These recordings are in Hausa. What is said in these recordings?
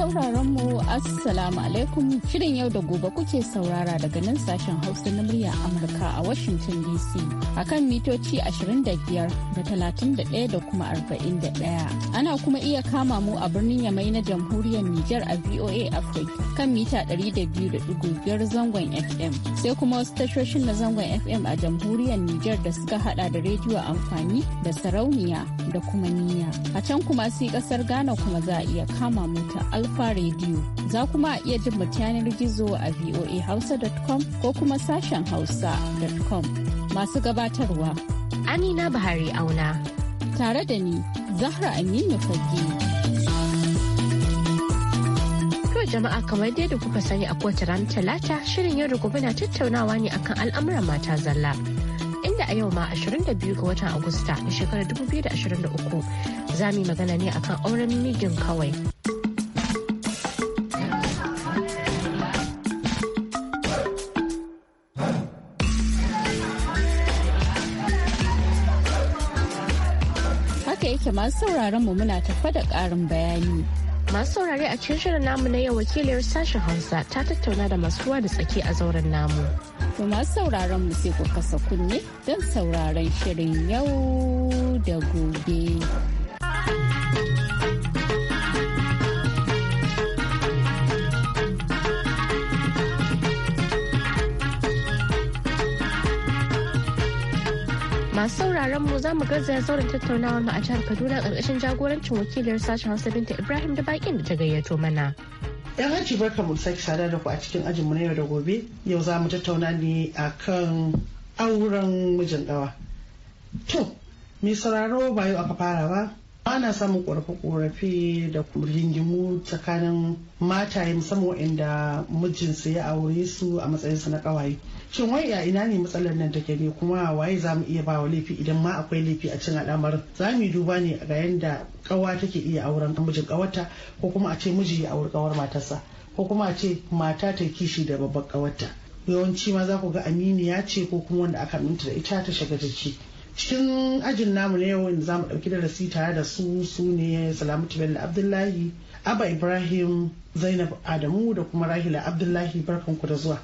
sauraron mu assalamu alaikum shirin yau da gobe kuke saurara daga nan sashen hausa na murya amurka a washington dc akan mitoci 25 da 31 da kuma 41 ana kuma iya kama mu a birnin yamai na jamhuriyar niger a voa africa kan mita 200.5 zangon fm sai kuma wasu tashoshin na zangon fm a jamhuriyar niger da suka hada da rediyo amfani da sarauniya da kuma niyya a can kuma sai kasar ghana kuma za a iya kama mu ta Alpha Radio. Za kuma iya jin mu yanar gizo a voahausa.com ko kuma sashen hausa.com. Masu gabatarwa. Amina Buhari Auna. Tare da ni, Zahra Aminu Fage. jama'a kamar dai da kuka sani a kowace ranar talata shirin yau da gobe na tattaunawa ne akan al'amuran mata zalla inda a yau ma 22 ga watan agusta na shekarar 2023 za mu yi magana ne akan auren mijin kawai. yake masu sauraron mu muna tafa da ƙarin bayani. Masu saurare a cikin shirin namu na yau wakiliyar sashen Hausa ta tattauna da masu ruwa da tsaki a zauren namu. To masu sauraron mu sai ku kasa kunne don sauraron shirin yau da gobe. masu sauraron mu za mu garzaya sauran tattaunawar mu a jihar kaduna ƙarƙashin jagorancin wakilin sashen hausa binta ibrahim da bakin da ta gayyato mana yan hajji barka mu sake sadar da ku a cikin ajin mu na yau da gobe yau za mu tattauna ne a kan auren mijin dawa to mai sauraro ba yau aka fara ba ana samun korafe-korafe da rigimu tsakanin mataye musamman waɗanda mijinsu ya aure su a matsayinsu na ƙawaye shin wai a ina ne matsalar nan take ne kuma waye za mu iya bawa laifi idan ma akwai laifi a cin al'amarin za mu duba ne ga yanda kawa take iya auren mijin kawarta ko kuma a ce miji ya auri kawar matarsa ko kuma a ce mata ta kishi da babbar kawarta yawanci ma za ku ga aminiya ce ko kuma wanda aka minta da ita ta shiga jiki cikin ajin namu na yau za mu ɗauki darasi tare da su sune ne salamatu bello abdullahi Aba Ibrahim Zainab Adamu da kuma Rahila Abdullahi barkanku da zuwa.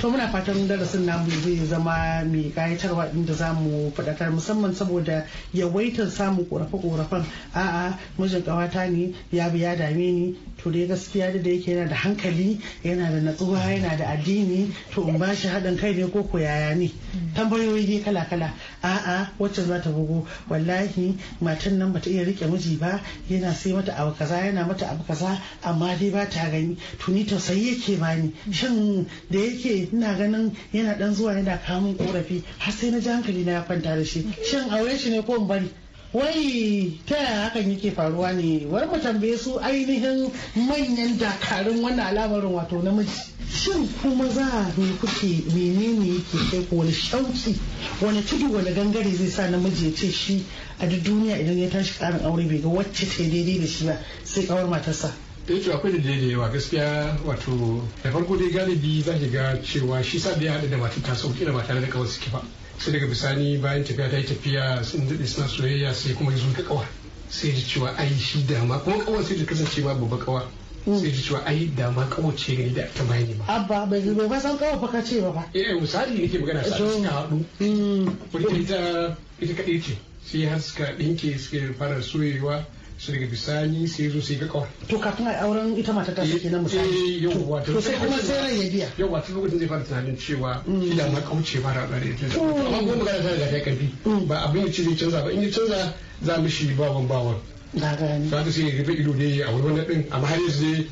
To muna fatan darasin namu zai zama mai kayatarwa inda za mu faɗakar musamman saboda yawaitar samun korafe-korafen a'a mijin ƙawata ne ya bi ya dame ni to dai gaskiya da da yake yana da hankali yana da natsuwa yana da addini to in bashi haɗin kai ne ko yaya ne tambayoyi dai kala kala a'a wacce za ta gogo wallahi matan nan bata iya rike miji ba yana sai mata abu kaza yana mata abu kaza amma dai ba ta gani to ni tausayi yake bani shin da yake ina ganin yana dan zuwa yana min korafi har sai na ji hankali na ya kwanta da shi shin aure shi ne ko in bari wai ta yaya hakan yake faruwa ne wani mu tambaye su ainihin manyan dakarun wannan al'amarin wato namiji shin kuma za ne kuke menene yake kai ko wani shauki wani tudu wani gangare zai sa namiji ya ce shi a duk duniya idan ya tashi karin aure bai ga wacce ta daidai da shi ba sai kawar matarsa eh da yake akwai da da wa gaskiya wato da farko dai galibi za ki ga cewa shi sa da ya haɗu da matar ta sauki da ba da kawai suke ba sai daga bisani bayan tafiya ta yi tafiya sun daɗe suna soyayya sai kuma yanzu ta kawa sai ji cewa ai shi dama kuma kawan sai ta kasance ba babba kawa mm. sai ji cewa ai dama kawo ce gani da ta bayani ba. Abba bai bai ba san kawo fa ce ba ba. Eh misali nake magana sa ka haɗu. Mm. Wadda ita ita kaɗai ce sai har suka ɗinke suka fara soyewa su daga bisani sai zo sai ga kawai to kafin a auren ita mata ta sake eh, na misali eh, yawwa to sai kuma sai ran ya yawwa tun lokacin zai fara tunanin cewa mm. shi da ma kauce ba da ɗare ta mm. amma kuma magana ta daga ta karfi mm. ba abin da ce zai canza ba in ya canza za mu shi bawan bawan na gani za ta sai ya rufe ido ne a wani wannan din amma har yanzu zai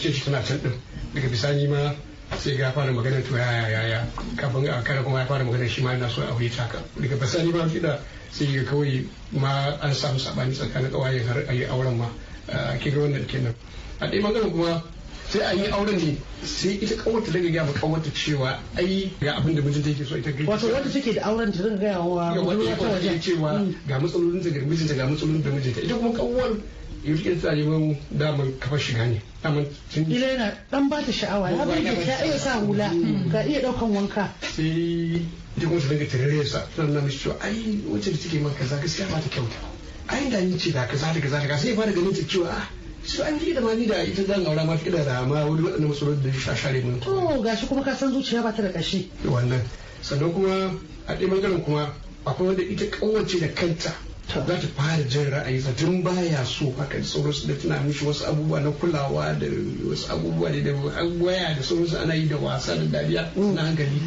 ce shi tana can din daga bisani ma sai ga fara magana to yaya yaya kafin a kara kuma ya fara magana shi ma yana so a ta ka daga basani ba da sai ga kawai ma an samu sabani tsakanin kawai har a yi auren ma kiga wannan kenan a dai bangaren kuma sai a yi auren ne sai ita kawarta daga gaya kawarta cewa ai ga abin da mijinta yake so ita gari wato wanda take da auren ta zan gaya wa wata waje cewa ga matsalolin da mijinta ga matsalolin da mijinta ita kuma kawar yanzu sa neman daman kafa shiga ne daman tun ila yana dan ba ta sha'awa ya burge ta iya sa hula hmm. ga iya daukan wanka sai dukkan su daga tirare sa sannan na mishi cewa ai wacce da take maka kaza gaskiya ba ta kyauta ai da ni ce da kaza da kaza da kaza sai fara ganin ta cewa a ah, su an yi da ma ni da ita zan aura ma kida da ma wani waɗannan matsalolin da ya share mun to gashi kuma ka san zuciya ba ta da ƙashi wannan sannan kuma a ɗaya bangaren kuma akwai wanda ita kawace da kanta Ta za ta fara jin ra'ayinsa tun baya so haka da sauransu da tana mishi wasu abubuwa na kulawa da wasu abubuwa da waya da sauransu ana yi da wasa da dariya na hankali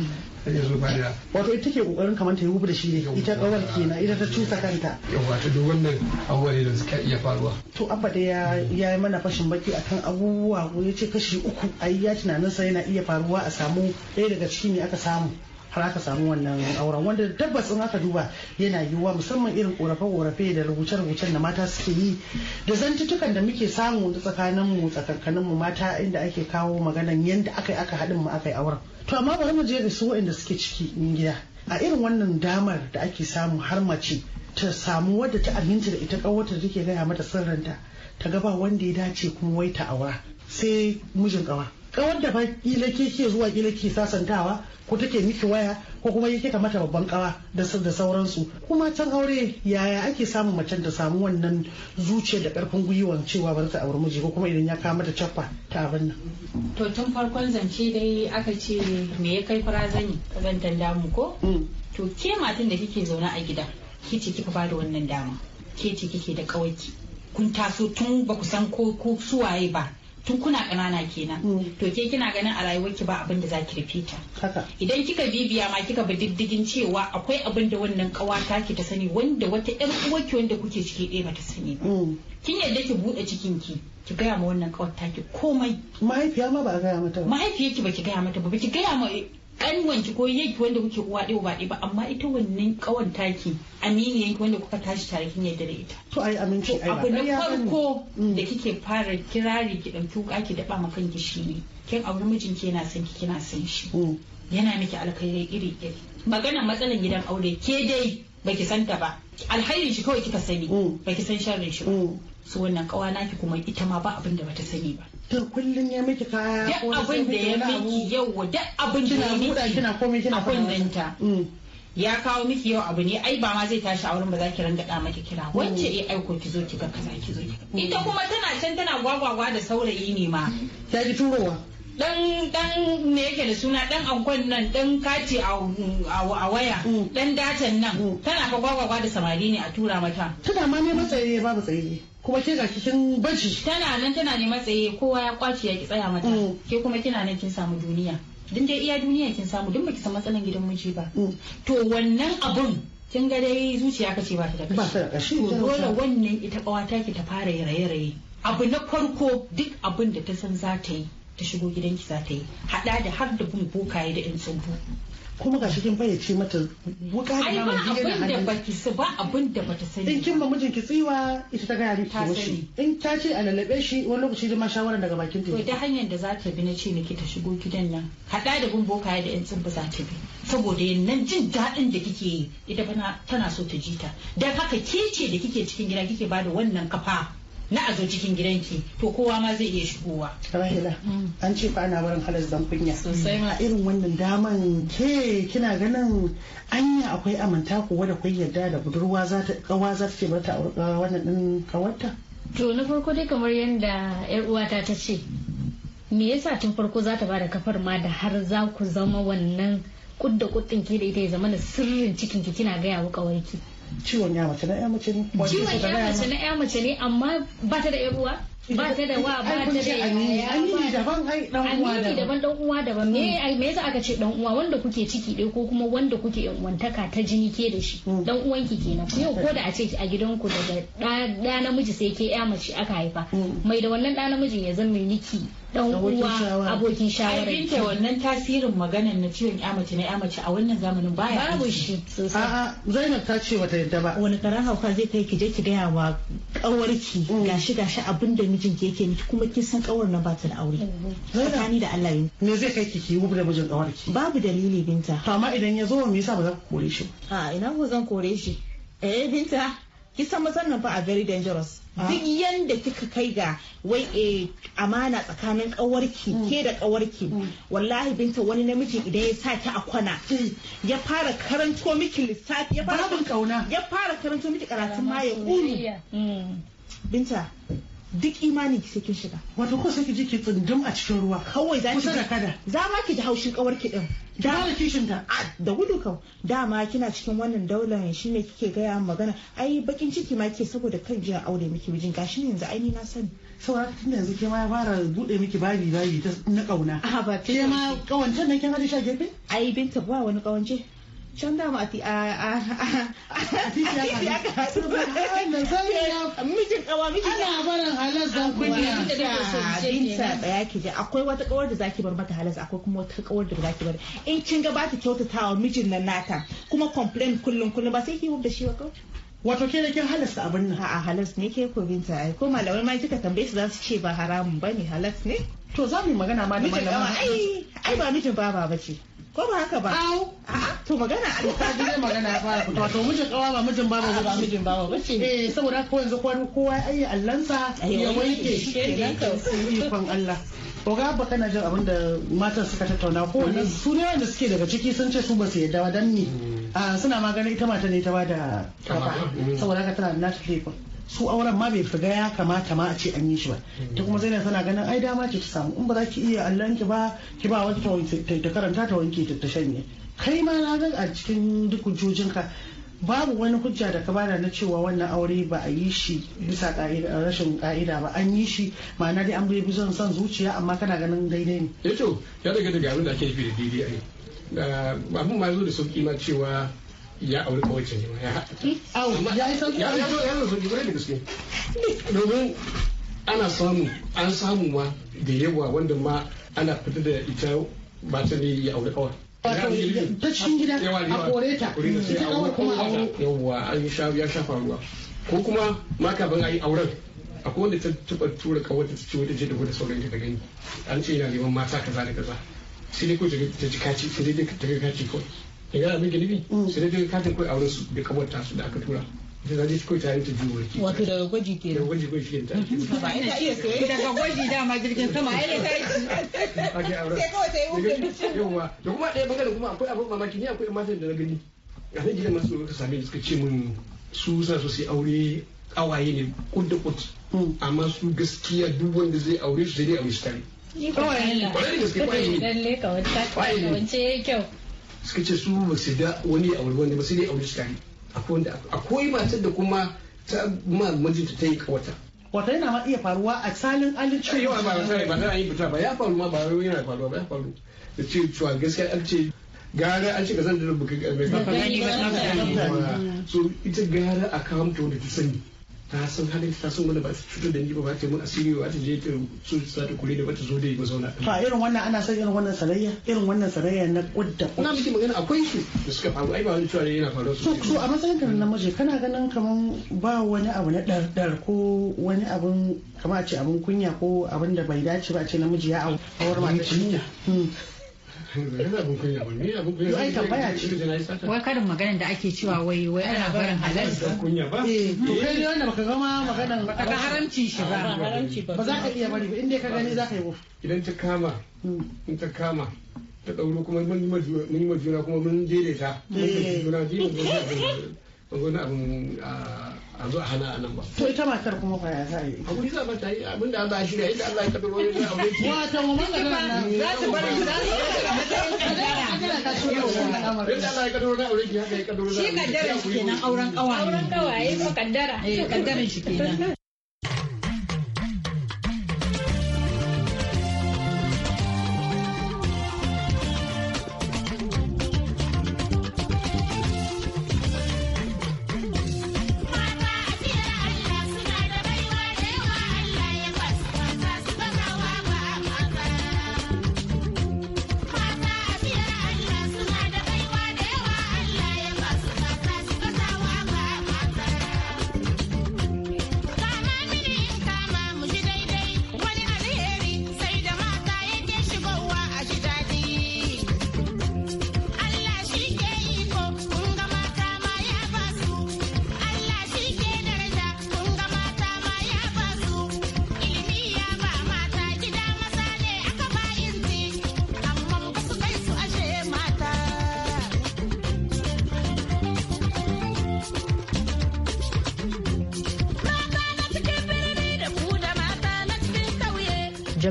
wato ita ke kokarin kamar ta yi da shi ne ita kawar kenan ita ta cusa kanta yawa ta duk wannan abubuwa da suka iya faruwa to abba da ya yi mana fashin baki akan abubuwa ko ya ce kashi uku ayi ya tunanin sa yana iya faruwa a samu ɗaya daga ciki ne aka samu har aka samu wannan auren wanda tabbas in aka duba yana yiwuwa musamman irin korafe-korafe da rubuce-rubucen da mata suke yi da zantutukan da muke samu tsakanin mu tsakankanin mu mata inda ake kawo maganan yadda aka yi aka haɗin mu aka yi auren to amma bari mu je da su waɗanda suke ciki in gida a irin wannan damar da ake samu har mace ta samu wadda ta aminta da ita kawarta da take gaya mata sirrinta ta ga ba wanda ya dace kuma wai ta aura sai mijin kawa kawar da kila ke zuwa kila ke sasantawa ko take miki waya ko kuma yake ka mata babban kawa da da sauransu kuma can aure yaya ake samun macen ta samu wannan zuciya da karfin gwiwan cewa ba ta aure miji ko kuma idan ya kama mata caffa ta abin nan to tun farkon zance dai aka ce me ya kai fara zani ban damu ko mm. to ke matan da kike zaune a gida ke ce kika bada wannan dama ke ce kike da kawaki kun taso tun ba ku san ko suwaye ba tun kuna ƙanana kenan mm. to ke kina ganin a rayuwarki ba abin da zaki ta idan kika bibiya ma kika bi diddigin cewa akwai abin da wannan kawata ki ta sani wanda wata ƴan uwarki wanda kuke ciki ɗaya bata sani ba mm. kin yadda ki buɗe cikin ki ki gaya ma wannan kawata ki komai mahaifiya ma ba gaya mata ba mahaifiyarki ba ki gaya mata ba ki gaya ma kanwanki ko yanki wanda kuke uwa ɗaya ba ɗaya ba amma ita wannan kawan taki yanki wanda kuka tashi tare kin yadda da ita to ai aminci ai abu na farko mm. da kike fara kirari ki ɗauki wuka ki daba ma kanki shi ne kin auri mijin ki yana son ki kina son shi mm. yana miki alkhairi iri iri maganar matsalan gidan aure ke dai baki san ta ba alkhairin shi kawai kika sani mm. baki san sharrin shi ba su wannan kawana ki kuma ita ma ba abin da bata sani ba tun kullum ya miki kaya duk abin da ya miki yau duk abin da ya miki kina komai kina mm. ya kawo miki yau abu ne ai ba ma zai tashi a wurin ba za ki ranga da maki kira mm. wacce eh aiko ki zo ki ga kaza ki zo ita mm. kuma tana can tana gwagwagwa da saurayi ne ma ta ji turowa dan dan me yake da suna dan ankon nan dan kati a waya dan datan nan tana ka gwagwagwa da samari ne a tura mata tana ma ne matsayi babu tsaye kuma ke gashi bacci. baci tana nan tana neman tsaye kowa ya kwace ya ki tsaya mata mm. ke kuma kina nan kin samu duniya din dai iya duniya kin samu din baki san matsalan gidan miji ba mm. to wannan abun kin ga dai zuciya kace ba ta da kashi Ba to dole wannan ita kawata ki ta fara raye-raye abu na farko duk abin da ta san za ta yi ta shigo ki za ta yi hada da har da bin bokaye da yan tsubu kuma ga bai ce mata wuka da naman gida da hannun ba ki ba abin da bata sani in kin ba mijin ki tsiwa ita ta gaya miki washi in ta ce a lalabe shi wani lokaci da ma shawara daga bakin ta to da hanyar da za ta bi na ce miki ta shigo gidan nan hada da bin bokaye da yan tsubu za ta bi saboda nan jin daɗin da kike yi ita tana so ta ji ta dan haka ke ce da kike cikin gida kike ba da wannan kafa na a zo cikin gidanki to kowa ma zai iya shigowa. Rahila mm. an ce fa ana barin halas dan kunya. Sosai ma. A irin wannan daman ke kina ganin anya akwai amanta ko da kun yarda da budurwa za ta kawa za ta ce bar ta wannan din kawarta. To na farko dai kamar yadda yar uwata ta ce me yasa tun farko za ta ba da kafar ma da har za ku zama wannan kudda kuɗin ke da ita ya zama da sirrin cikin ki kina gaya wa kawarki. ciwon ya mace na ya mace ne ciwon ya mace na ya mace ne amma ba ta da yan uwa ba ta da wa ba ta da yaya amini daban ai dan uwa daban daban dan uwa daban me me yasa aka ce dan uwa wanda kuke ciki dai ko kuma wanda kuke yan wantaka ta jini ke da shi dan mm. uwanki kenan yau ko da a ce a gidanku daga da namiji sai ke ya mace aka haifa mm. mai da wannan da namijin ya zama miki. dan uwa abokin shawara ai binta wannan tasirin maganar na ciwon ya mace na ya mace a wannan zamanin baya babu shi sosai a Zainab ta ce wata yadda ba wani karan hauka zai kai ki je ki gaya wa kawarki mm. gashi gashi abin da mijinki yake miki kuma kin san kawar na bata da aure tsakani da Allah me zai kai ki ki da mijin kawarki babu dalili binta to amma idan ya zo me yasa ba za ku kore shi a ina ku zan kore shi eh binta kisan san nan fa a very dangerous ah. duk yanda kika kai ga wai eh, amana tsakanin kawarki mm. ke da kawarki mm. wallahi binta wani namiji idan ya sa ki a kwana mm. ya fara karanto miki lissafi ya fara karanto miki karatun ma ya binta duk imani ki sai kin shiga wato ko sai ki je ki tsindum a cikin ruwa kawai za ki kusa da kada za ma ki ji haushin kawar ki din da da kishin ta da gudu kam dama kina cikin wannan daular shine kike gaya magana ai bakin ciki ma ke saboda kan jiya aure miki mijin gashi yanzu ai ni na sani saura tun yanzu ke ma fara bude miki babi babi ta na kauna a ba ke ma kawancen nan kin hada sha gefe ai binta ba wani kawance can dama a titi aka haɗu mijin kawa mijin ana barin halas da kunya A tsaya ki ji akwai wata kawar da zaki bar mata halas kuma wata kawar da zaki bar in kin ga ba kyautatawa mijin nan nata kuma complain kullum kullum ba sai ki hubda shi ba wato ke da kin halasta abin nan a halas ne ke ko binta ai ko malamai ma kika tambaye su za su ce ba haramun bane halas ne to za mu magana ma da malamin ai ai ba mijin ba bace ko ba haka ba A'a. to magana a lissafi zai magana ya fara fitowa to mijin kawa ba mijin ba ba mijin ba ba ce eh saboda ko yanzu kowa ya yi allansa ya wanke shi ne kan Allah to ga ba kana jin abin da matan suka tattauna ko wani mm. su ne wanda suke daga ciki sun ce su ba su yadda dan ni mm. ah, suna magana ita mata ne ta ba da kafa mm. saboda haka tana na tafi su auren ma bai fuga ya kamata ma a ce an yi shi ba ta kuma zainab tana ganin ai dama ce ta samu in ba za ki iya allan ki ba ki ba wata ta karanta ta wanke ta shanye kai ma na ga a cikin duk hujjojinka babu wani hujja da ka bada na cewa wannan aure ba a yi shi bisa rashin ka'ida ba an yi shi ma'ana dai an bai bi son son zuciya amma kana ganin daidai ne eh to ya daga daga abin da ake nufi da daidai ai abin ma zo da sauki ma cewa ya aure kawai ce ne ya ya yi sauki ya yi sauki ya yi domin ana samu an samu ma da yawa wanda ma ana fita da ita ba ta ne ya aure kawai wato ta cikin gida a kore ta ita kawai kuma a yawwa an ya shafa ruwa ko kuma ma kafin a yi auren akwai wanda ta tura kawai ta ci wata jidda da sauran ta gani an ce yana neman mata kaza da kaza sai dai ko ta ji kaci sai dai ta ga kaci kawai ya abin mm. sai dai ta ga kawai auren su da kawai ta su da aka tura daga zai kawai tare ta biyu ke wato daga gwaji ke daga gwaji gwaji ke ta ba ina iya soyayya daga gwaji dama jirgin sama ai sai kawai ta yi yawa da kuma ɗaya bangaren kuma akwai abin mamaki ni akwai matan da na gani a nan gidan masu ka same suka ce min su suna so aure kawaye ne kud da hmm. amma su gaskiya duk wanda zai aure su sai dai aure su tare ne yi suka ce su ba su da wani aure wanda ba dai aure su tare akwai matar da kuma ta ma mijinta ta yi kawata wata yana ma iya faruwa a salin alin ce yawa ba ta ba ta yi fita ba ya faru ma ba yana faruwa ba ya faru da ce cewa gaskiya an ce gara an ce ka san da rubuka mai ba so ita gara a kawo mata wanda ta sani ta san halin ta san wanda ba ta cutar da ni ba ba ta mun asiri ba ta je ta so za ta kure da ba ta zo da mazauna zauna. a irin wannan ana san irin wannan sarayya irin wannan sarayya na kudda na miki magana akwai su da suka faru ai ba wani cewa yana faru su so a matsayin nan namiji kana ganin kaman ba wani abu na dardar ko wani abun kamar a ce abun kunya ko abin da bai dace ba a ce namiji ya aure mata kunya hmm. Ai tambaya ce. Wai karin magana da ake cewa wai wai ana barin halal. Eh to kai ne wanda baka gama maganar baka Ka haramci shi ba. Ba za ka iya bari ba inda ka gani za ka yi wuf. Idan ta kama in ta kama ta ɗauro kuma mun yi majuna kuma mun daidaita. Mun yi majuna biyu mun yi abin a zo a hana a nan ba. To ita matar kuma fa ya sa yi. Hakuri za ta yi abin da a shirya yadda Allah ya kaddaro ya zai aure Wata mu maka nan za ta bari za ta Yadda Allah ya kaddaro na aure ki haka ya kaddaro za ta. Shi kaddara shi kenan auren kawaye. Auren kawaye ko kaddara. Kaddara shi kenan.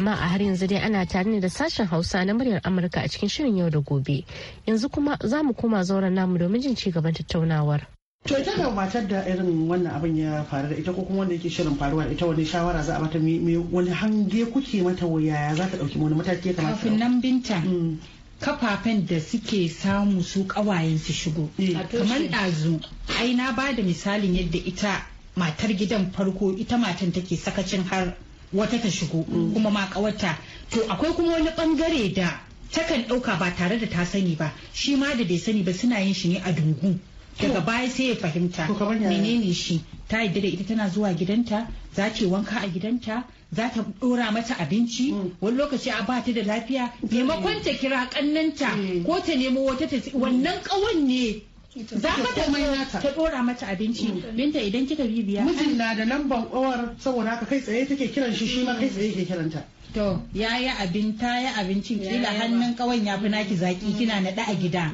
amma a har yanzu dai ana tare ne da sashen hausa na muryar amurka a cikin shirin yau da gobe yanzu kuma za mu koma zauren namu domin jin ci gaban tattaunawar to ita ga matar da irin wannan abin ya faru da ita ko kuma wanda yake shirin faruwa ita wani shawara za a mata wani hange kuke mata yaya za ta dauki wani mataki ya kamata kafin nan binta mm. kafafen da suke samu su kawayen su shigo eh. kamar dazu ai na bada misalin yadda ita matar gidan farko ita matan take sakacin har wata ta shigo kuma ma kawarta to akwai kuma wani bangare da takan ɗauka ba tare da ta sani ba shi ma da bai sani ba suna yin shi ne a dungu daga baya sai ya fahimta menene shi ta yadda da ita tana zuwa gidanta za ce wanka a gidanta za ta dora mata abinci mm. wani lokaci a bata da lafiya mm. maimakon ta kira kannanta mm. ko ta nemo wata ta wannan kawan ne za ka komai nata ta dora mata abinci mm. binta idan kika bibiya mijin na da lamban uwar saboda haka kai tsaye take kiran shi shi ma kai tsaye ke kiranta to ya yi abin ta yi abincin kila hannun kawai ya fi naki zaki kina mm. naɗa a gida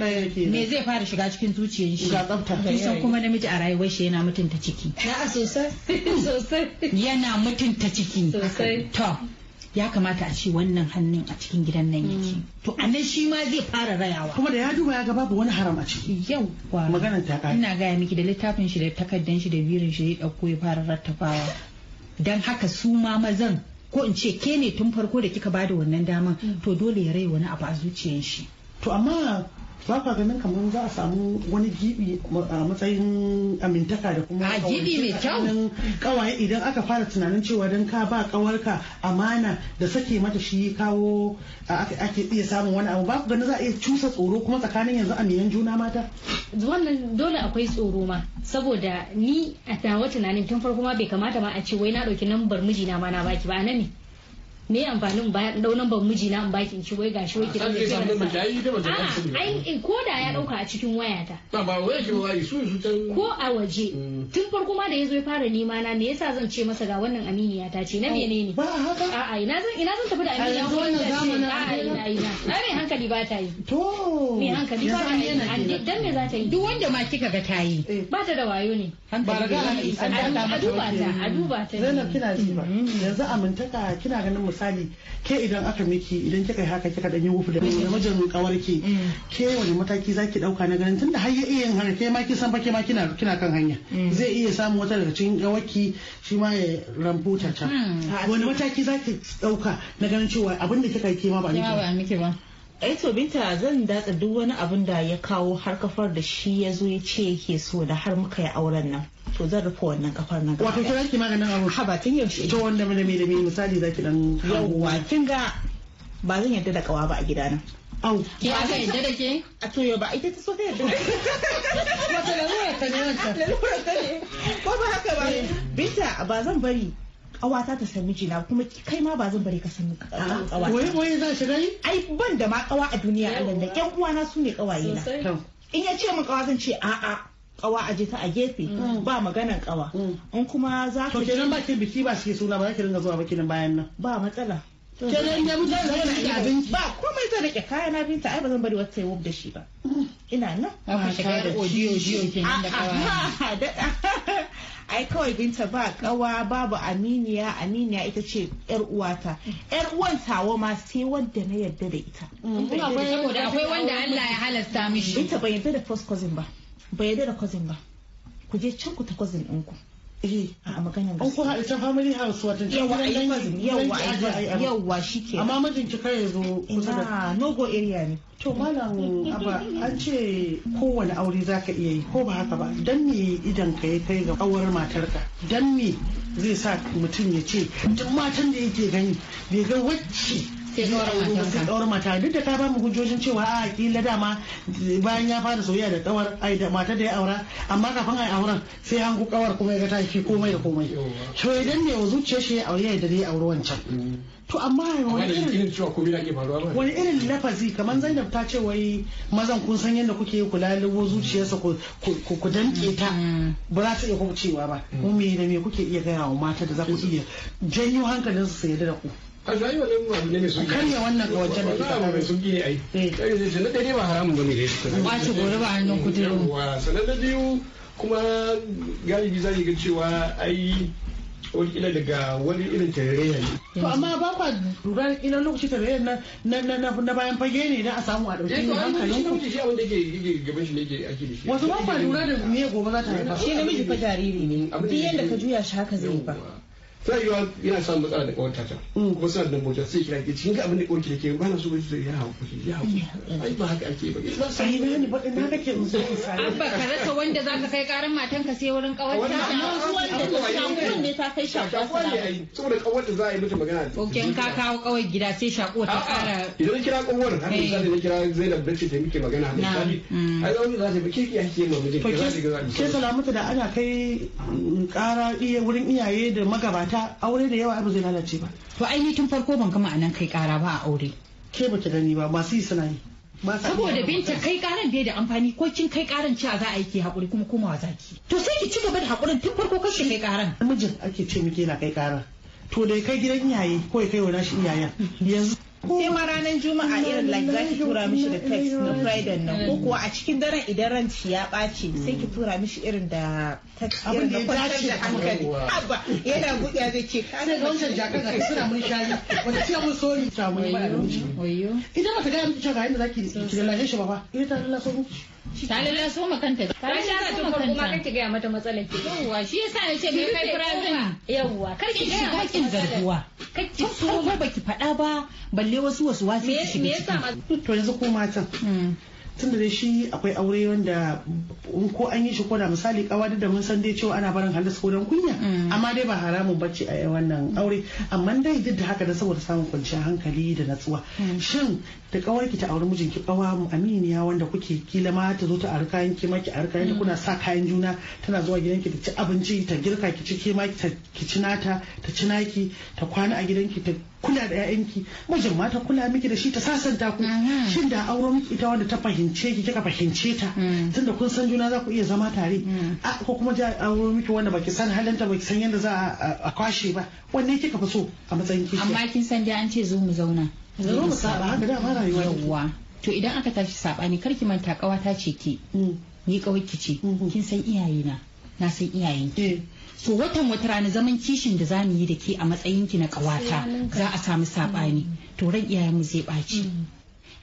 me zai fara shiga cikin zuciyar shi kuma namiji a rayuwar shi yana mutunta ciki na sosai sosai yana mutunta ciki sosai to ya kamata a ce wannan hannun a cikin gidan nan yake mm. to a nan shi ma zai fara rayawa kuma da ya duba ya ga babu wani haram a ciki yau maganar ta kai ina gaya miki da littafin shi da takardan shi da birin shi zai dauko ya fara rattafawa dan haka su ma mazan ko in ce ke ne tun farko da kika bada wannan daman mm. to dole ya rai wani abu a zuciyar shi to amma ba ka ganin kamar za a samu wani gibi a matsayin amintaka da kuma gibi mai kyau kawaye idan aka fara tunanin cewa don ka ba kawarka amana da sake mata shi kawo ake iya samun wani abu ba ku ganin za a iya cusa tsoro kuma tsakanin yanzu aminan juna mata wannan dole akwai tsoro ma saboda ni a tawo tunanin tun farko ma bai kamata ma a ce wai na ɗauki nambar mijina ma na baki ba nan ne me amfanin ba dau namban mijina in bakin shi wai gashi wai ah, ki da ai ko da ya dauka a cikin wayata ko a waje mm. tun farko ma da yazo ya fara nema na me yasa zan ce masa ga wannan aminiya ta ce na oh, menene ba haka a a ina zan ina zan tafi da aminiya ko zamanin a ina ina Na me hankali ba ta yi to me hankali ba ta yi dan me za ta yi duk wanda ma kika ga ta yi eh. ba ta da wayo ne ba raga a duba ta a duba ta zainab kina ji ba mm. yanzu amintaka kina ganin musamman misali ke idan aka miki idan kika yi haka kika dan yi wufu da kawar ki mm. ke wani mataki zaki dauka na ganin tunda har ya iya yin haka ke ma kin san ba ke ma kina kina kan hanya mm. zai iya samu wata daga cikin kawarki shi ma ya rampo ta mm. wani mataki zaki dauka na ganin cewa abin da kika yi ke ma ba miki ba ai eh to binta zan datsa duk wani abin da ya kawo har kafar da shi ya zo ya ce yake so da har muka yi auren nan to zan rufe wannan kafar nan wato kira ki maganin abu ha ba tun yaushe to wanda da me da me misali zaki dan yawwa kin ga ba zan yarda da kawa ba a gida nan. Au, ba zan yadda da ke? A to ba ita ta so ta yadda. Wata lalura ta ne wata. Lalura ta ne. Ko ba haka ba. Eh. Binta ba zan bari kawata ta san mijina kuma kai ma ba zan bari ka san kawata waye waye za shi dai ai ban da ma kawa a duniya Allah da ƴan uwana su ne kawaye na in ya ce min kawa zan ce a'a kawa a je ta a gefe mm. ba maganan kawa mm. in kuma za ka to kenan ba ke biki ba shi suna ba za ki ringa zuwa ba kinan bayan nan ba matsala kenan ya mutu zan rike abinci ba komai zan rike kaya na binta ai ba zan bari wata yawo da shi ba mm. ina nan Ba ka da ciyo ciyo kenan da kawa ai kawai binta ba kawa babu aminiya aminiya ita ce yar uwata yar uwan tawo ma sai wanda na yarda da ita mm. akwai wanda Allah ya halasta mishi binta bai yarda da first cousin ba bai yarda da cousin ba ku je can ku ta cousin ɗinku eh a maganar gaskiya an kuma ita family house wata yawa yawa yawa shike amma mijin ki kai zo kusa da nogo area ne to malam aba an ce kowane aure zaka iya yi ko ba haka ba dan me idan ka yi kai ga kawar matarka dan me zai sa mutum ya ce duk matan da yake gani bai ga wacce ke mata duk da ta ba mu hujjojin cewa a kila dama bayan ya fara soyayya da kawar ai da mata da ya aura amma kafin ai auren sai an ku kawar kuma ya ga taki komai da komai to idan ne wa zuciya shi ya aure da ya aure wancan mm. to amma wani irin wani irin lafazi kamar Zainab ta ce wai mazan kun san yadda kuke kula lubo zuciyarsa ku danke ta mm. ba za su iya kuma cewa ba mu me da me kuke iya gaya wa mata da za ku iya janyo hankalinsu su yarda da ku a shayi wa lalima abu ne mai sauki karya wannan ga wajen da ita mai sauki ne ai kare zai sanar da ba haramun bane dai kwace gore ba hannun kudirin sanar da biyu kuma galibi za ga cewa ai wani daga wani irin tarayya ne. To amma ba kwa lura ina lokaci tarayya na bayan fage ne na a samu a ɗauki eh, ne hankalin ku. Shi abin da ke gaban shi ne ke ake da shi. Wasu ba kwa lura da me gobe za ta haifa. Shi namiji fa jariri ne. Duk yanda ka juya shi haka zai ba. Sai yi yana samun matsala da kawanta ta mm. kuma suna da mota sai kira ke cikin abin da kawai ke ke ba na so ba zai ya hakuri ya hakuri ai ba haka ake ba ba sai na ni ba na kake musu abba ka rasa wanda zaka kai karan matan ka sai wurin kawanta ta wanda ta ne ta kai shakuwa ne ai saboda kawanta za a yi mata magana kokin ka kawo kawai gida sai shakuwa ta kara idan kira kowar har eh. misali na kira Zainab dace ta miki magana misali mm. ai wanda za ta bi kiki ya ke ma mijin ke salamata da ana kai kara mm, iya wurin iyaye da magabata ta aure da yawa abu zai lalace ba to ai tun farko ban gama anan kai kara ba a aure ke baki gani ba masu yi suna yi saboda binta kai karan bai da amfani ko kin kai karan cewa za a yi ke hakuri kuma wa zaki to sai ki ci gaba da hakurin tun farko kashe kai karan mijin ake ce miki yana kai karan to da kai gidan iyaye ko ya kai wa nashi iyayen yanzu sai ma ranar juma'a irin like za ki tura mishi da text na friday nan ko kuwa a cikin daren idan ranci ya ɓace sai ki tura mishi irin da text irin da kwantar da hankali abba yana buɗe zai ce kare sai ga wancan jakar kai suna mun shari wata ce mun ni ta mun ba da wuce idan ba ta gaya mutum cewa ga inda zaki ki lashe shi ba ba ita ta lallashe Sale ya so ma kanta. Ka shi ka to kuma kanta ga mata matsalar ki. Yawwa shi yasa na ce me kai prison. Yawwa kar ki ga hakin zarguwa. ki so ba baki faɗa ba balle wasu wasu wasu ki shiga. Me to yanzu ko matan. Hmm. tunda da shi akwai aure wanda ko an yi shi ko da misali kawa da mun san dai cewa ana barin halis ko dan kunya mm. amma dai ba haramun bacci a wannan aure amma dai duk da haka da saboda samun kwanciyar hankali da natsuwa mm. shin da kawarki ta auri ki kawa aminiya wanda kuke kila ma ta zo ta arkayan ki maki arkayan da mm. kuna sa kayan juna tana zuwa gidanki ta ci abinci ta girka ki ci ma ki ci nata ta ci ta kwana a gidanki ta kula da ƴaƴanki mijin ta kula miki da shi ta sasanta ku shin da auren miki ita wanda ta fahimce ki kika fahimce ta hmm. tunda kun san juna za ku iya zama tare hmm. ko kuma ja auren miki wanda baki san halanta baki san yadda za a kwashe ba wanne kika fi so a matsayin kishi amma kin san da an ce zo mu zauna zo mu saba haka da ma rayuwa to idan aka tashi sabani karki manta kawata ce ke hmm. ni kawai ki ce kin san iyayena na san iyayenki eh. so watan wata rana zaman kishin da zamu yi da ke a matsayin ki na kawata za a samu sabani to ran iyayen mu zai ɓaci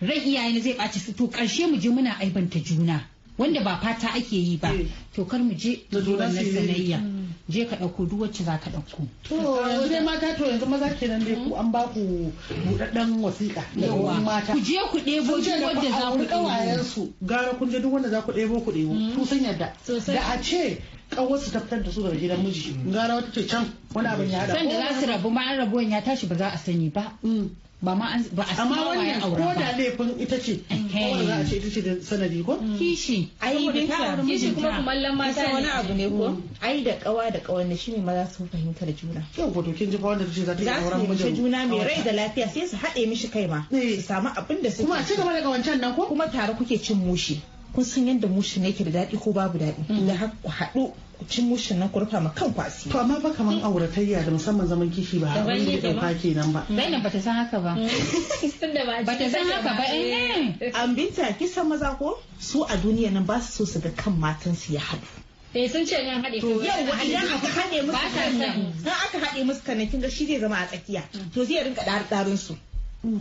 ran iyayen zai ɓaci to karshe mu je muna aibanta juna wanda ba fata ake yi ba eh. to kar mu je na sanayya mm. je ka ɗauko duk wacce za ka ɗauko. to yanzu dai mata to yanzu maza kenan dai ku an ba ku buɗaɗɗen wasiƙa daga mata ku je ku ɗebo duk wanda za ku ɗebo su gara kun je duk wanda za ku ɗebo ku ɗebo ku mm. san yadda da a ce ƙawar ta tafitar da su daga gidan miji gara wata ce can wani abin ya haɗa. sanda za su rabu ma an rabu ya tashi ba za a sani ba. Mm. ba ma ba a amma wannan ko da laifin ita ce kawai za a ce ita ce da sanadi ko mm. kishi ai da ta kishi kuma kumallon mata ne wani abu ne ko mm. ai da kawa da kawanne ne maza sun fahimtar juna yau ko to kin ji fa wanda tace za ta yi auren mijin juna mai rai da lafiya sai su haɗe mishi kai ma su eh. samu abin da su kuma a ci gaba da kawancan nan ko kuma tare kuke cin mushi kun san yadda mushi ne ke da daɗi ko babu daɗi mm. da haɗu ku ci mushin ku ma kanku kwasi. to amma ba kaman auratayya da musamman zaman kishi ba abin da ya dauka kenan ba Zainab bata san haka ba bata san haka ba eh an binta kisan maza ko su a duniya nan ba su so su ga kan matansu ya haɗu Eh sun ce an haɗe to yau idan aka haɗe musu kan nan aka haɗe musu kan nan kin ga shi zai zama a tsakiya to zai rinka ɗarɗarin su zai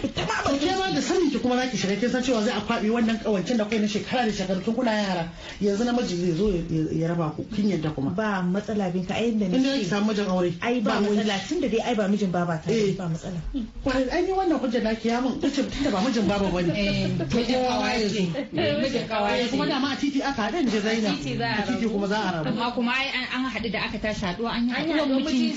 fita ma ba ke ma da sanin ki kuma zaki shiga kin san cewa zai a kwabe wannan kawancin da kai na shekara da shekaru tun kuna yara yanzu namiji zai zo ya raba ku kin yadda kuma ba matsala bin ka ayin da ne inda ki samu mijin aure ai ba matsala tun da dai ai ba mijin baba ta eh. ba matsala kwai ai ni wannan hujja na ki ya mun kace tun da ba mijin baba bane eh, mijin kawaye mijin kawaye eh, kuma da ma a titi aka haɗa da Zainab a titi kuma za a rabu amma kuma ai an haɗu da aka tashi haɗuwa an yi haɗuwar mijin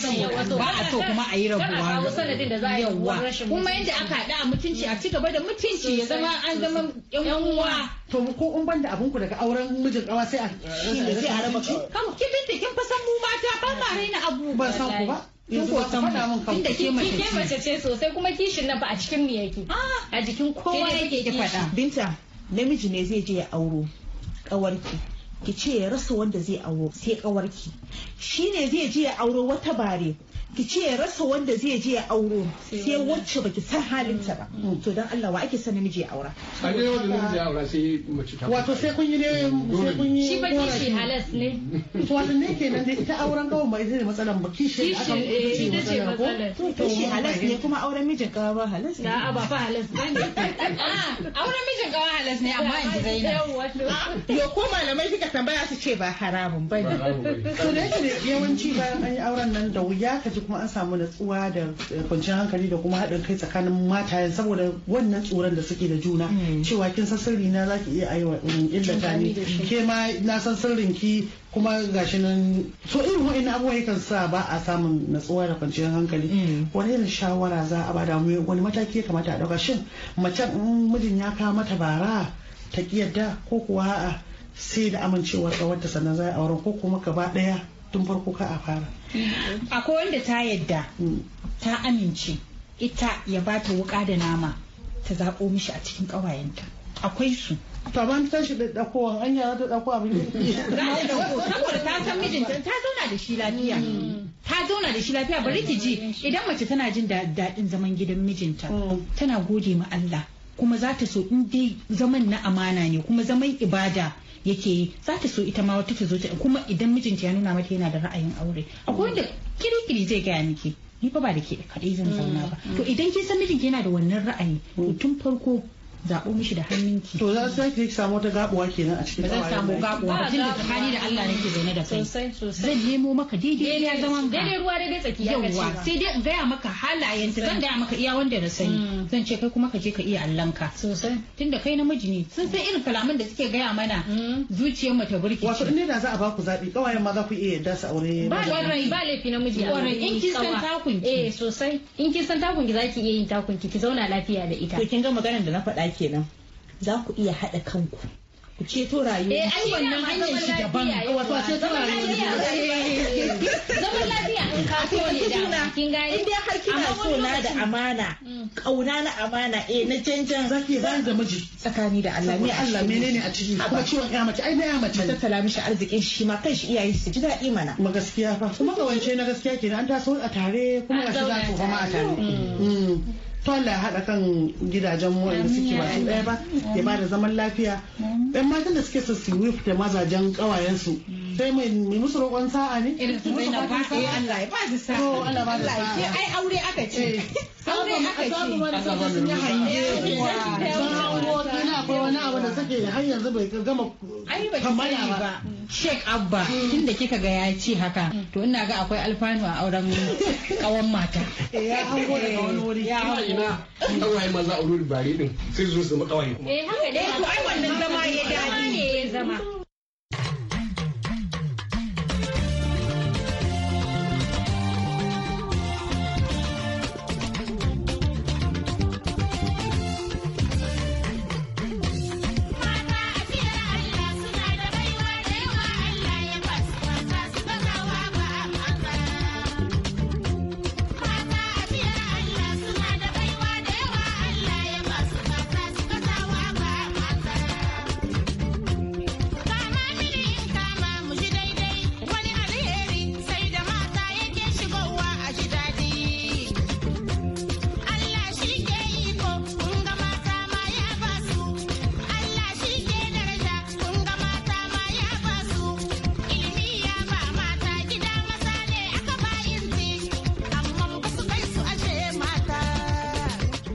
ba a so kuma a yi rabuwa yauwa kuma yadda aka haɗu a mutunci a cigaba da mutunci ya zama an zama yan uwa to ko in banda abinku ku daga auren mijin kawa sai a sai a raba kin binta kin fa san mu mata ba ma raina abu ban san ku ba kin ko min mu inda ke mace ke mace ce sosai kuma kishin nan ba a cikin mu yake ah. a jikin kowa yake ki faɗa binta namiji ne zai je ya auro kawarki ki ce ya rasa wanda zai auro sai kawarki shine zai je ya auro wata bare ki ce ya rasa wanda zai je ya auro sai wacce baki san halinta ba mm. to dan Allah wa ake san namiji ya aura a ne wanda namiji ya aura sai mace ta wato sai kun yi ne mm. sai kun yi shi ba kishi halas ne to wannan ne kenan dai ita auren gawan ba ita ne matsalan ba kishi aka eh, ce matsalan ko to shi halas ne kuma auren mijin gawa ba halas ne a'a ba fa halas ne ah, auren mijin gawa halas ne amma in ji zaina yo ko malamai suka tambaya su ce ba haramun bane to ne yawanci bayan an yi auren nan da wuya ka ji kuma an samu natsuwa da kwanciyar hankali da kuma haɗin kai tsakanin matayen saboda wannan tsoron da suke da juna mm. cewa kin san sirri na zaki iya aiwa illata ne ke ma na san sirrin ki kuma gashi nan so irin wa'in abubuwa yakan sa ba a samun natsuwa da kwanciyar hankali mm. wani irin shawara za a bada mu wani mataki ya kamata a ɗauka shin macen in mijin ya kawo mata bara ta ki yadda ko kuwa a'a sai da amincewar ƙawarta sannan za a auren ko kuma gaba ɗaya tun farko ka a fara akwai wanda ta yadda ta amince ita ya ba ta wuka da nama ta zaɓo mishi a cikin ƙawayenta akwai su to ba ta shi da dakowan an yara da dako abin da ta saboda ta san mijinta ta zauna da shi lafiya ta zauna da shi lafiya bari ki ji idan mace tana jin daɗin zaman gidan mijinta tana gode ma Allah kuma za ta so in dai zaman na amana ne kuma zaman ibada yake yi za ta so ita ma wata ta zo ta kuma idan mijinta ya nuna mata yana da ra'ayin aure akwai wanda kirikiri zai gaya miki ni fa ba da ke kaɗai zan zauna ba mm. to idan kin san mijinki yana da wannan ra'ayi tun farko zaɓo mishi da hannunki. To za za ki samu wata gabuwa kenan a cikin kawai. Ba zan samu gabuwa ba tunda hali da Allah nake zaune da kai. Sosai sosai. Zan nemo maka daidai ya zama ka. Daidai ruwa daidai tsaki ya kace. sai dai in gaya maka halayen ta zan gaya maka iya wanda na sani. Mm. Zan ce kai kuma ka je ka iya ka. Sosai. Tunda kai namiji ne sun san irin kalaman da suke gaya mana mm. zuciyar mu ta burkice. Wato in da za a ba ku zaɓi kawayen ma za ku iya yadda su aure. Ba kwarai ba laifi namiji. Kwarai in kin san takunki. Eh sosai. In kin san takunki za ki iya yin takunki ki zauna lafiya da ita. To kin ga maganar da na faɗa kenan za ku iya haɗa kanku ku ceto rayuwa eh ai wannan hanyar shi daban wato ceto rayuwa eh, eh, eh, zaman lafiya in ka so ne da kin ga in dai har kina so na da amana kauna mm. na amana eh na janjan zaki ban da miji tsakani da Allah me Allah menene a ku kuma ciwon ya mace ai na ya mace ta tala mishi arzikin shi ma shi iyayen su ji daɗi mana ma gaskiya fa kuma wance na gaskiya kenan an taso a tare kuma ga shi za ku fama a tare mm. Mm. to Allah ya haɗa kan gidajen mu da suke ba ɗaya ba ya bada zaman lafiya yan matan da suke so su wifta mazajen ƙawayensu sai mai musu roƙon sa'a ne su bai na ba eh, Allah ya ba su sa'a Allah ba ai aure aka ce eh. aure aka ce sun yi hanye hango akwai wani abu da har yanzu bai gama ba Sheikh Abba tun eh. da kika ga ya ce haka to ina ga akwai alfanu a auren kawan mata ya hango daga wani wuri ya hango ina kawai maza bare din sai zo su kawai eh haka dai to ai wannan zama ya zama